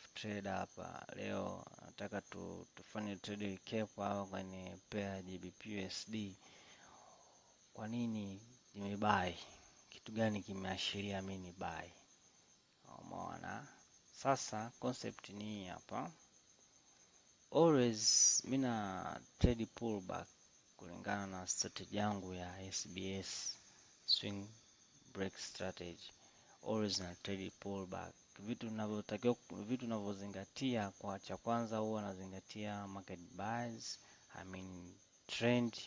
F trade hapa leo nataka tu, tufanye trade recap hapa kwenye pair USD. Kwa nini nimebai? Kitu gani kimeashiria mimi ni buy? Umeona? Sasa concept ni hii hapa. Always mina trade pullback kulingana na strategy yangu ya SBS swing break strategy. Always na trade pullback vitu vinavyotakiwa vitu vinavyozingatia, kwa cha kwanza huwa nazingatia market buys, I mean trend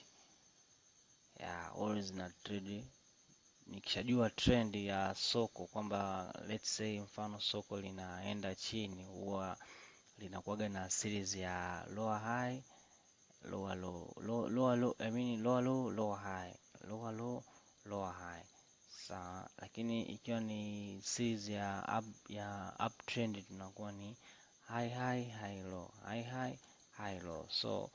ya always na trend Nikishajua trend ya soko kwamba let's say mfano soko linaenda chini, huwa linakuwaga na series ya lower high lower low lower low I mean lower low lower high lower low lower high sawa lakini ikiwa ni series ya up, ya uptrend tunakuwa ni high high high low high high high low so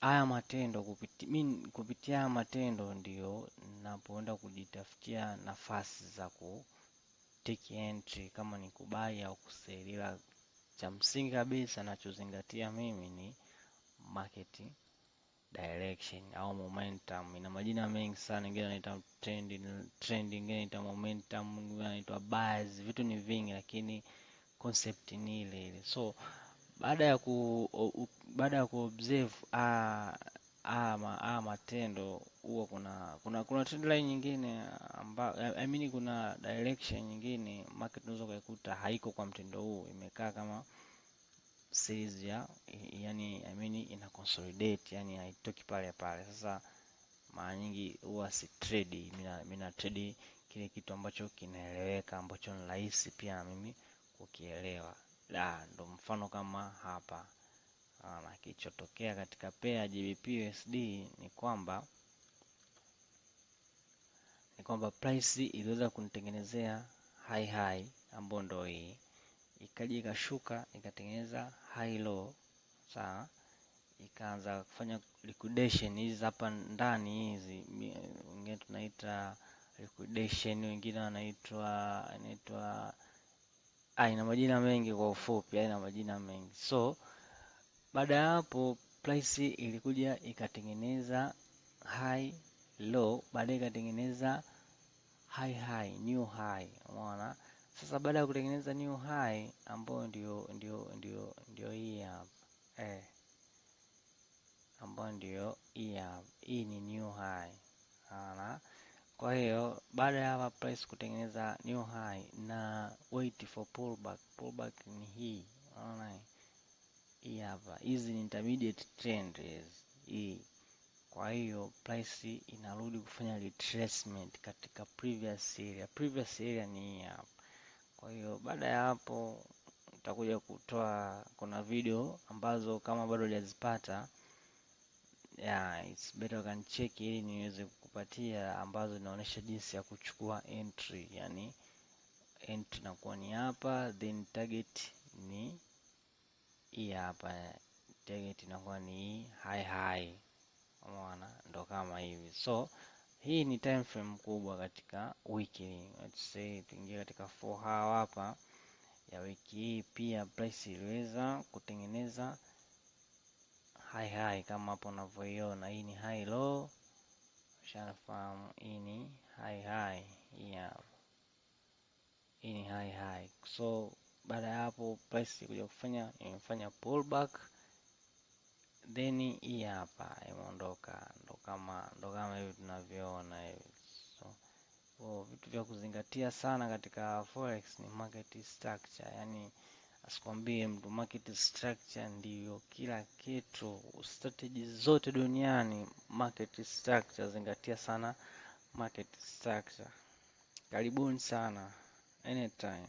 haya matendo kupiti, mimi kupitia haya matendo ndio napoenda kujitafutia nafasi za ku take entry kama ni kubai au kusell, cha msingi kabisa nachozingatia mimi ni marketing direction au momentum. Ina majina mengi sana, ingine anaita trend, ingine anaita momentum, ingine anaitwa buzz. Vitu ni vingi, lakini concept ni ile ile. So baada ya ku baada ya kuobserve a ah, a ah, ah, matendo huwa kuna kuna kuna line nyingine ambayo I mean, kuna direction nyingine market unaweza kuikuta haiko kwa mtindo huu, imekaa kama series ya yani yani ina consolidate, yani haitoki pale pale. Sasa mara nyingi huwa si trade, mimi na trade kile kitu ambacho kinaeleweka, ambacho ni rahisi pia na mimi kukielewa. La, ndo mfano kama hapa. Na kilichotokea katika pair GBP USD ni kwamba ni kwamba price iliweza kunitengenezea high high ambayo ndo hii ikaja ikashuka ikatengeneza high low sawa ikaanza kufanya liquidation hizi hapa ndani hizi, wengine tunaita liquidation, wengine wanaitwa inaitwa aina ah, majina mengi kwa ufupi, aina majina mengi. So baada ya hapo price ilikuja ikatengeneza high low, baadaye ikatengeneza high high, new high. Umeona sasa, baada ya kutengeneza new high ambayo ndio ndio ndio ndio hii hapa ndio hii hapa, hii ni new high. Sawa. Kwa hiyo baada ya hapa price kutengeneza new high na wait for pullback. Pullback ni hii. Unaona hii hapa, hizi ni intermediate trend hii. Kwa hiyo price inarudi kufanya retracement katika previous area. Previous area ni hii hapa. Kwa hiyo baada ya hapo nitakuja kutoa, kuna video ambazo kama bado hujazipata yeah, it's better can check ili niweze kukupatia ambazo zinaonyesha jinsi ya kuchukua entry, yani entry nakuwa ni hapa, then target ni hii hapa, target inakuwa ni high high, umeona, ndo kama hivi. So hii ni time frame kubwa katika wiki, let's say tuingie katika 4 hour hapa ya wiki hii, pia price iliweza kutengeneza high high kama hapo unavyoiona. Hii ni high low, ushafahamu. Hii ni high high, hii hapa, hii ni high high. So baada ya hapo price kuja kufanya imefanya pullback, then hii hapa imeondoka. Ndo kama ndo kama hivi tunavyoona hivi. So oh, vitu vya kuzingatia sana katika forex ni market structure, yani Sikwambie mtu, market structure ndiyo kila kitu. Strategy zote duniani market structure, zingatia sana market structure. Karibuni sana anytime.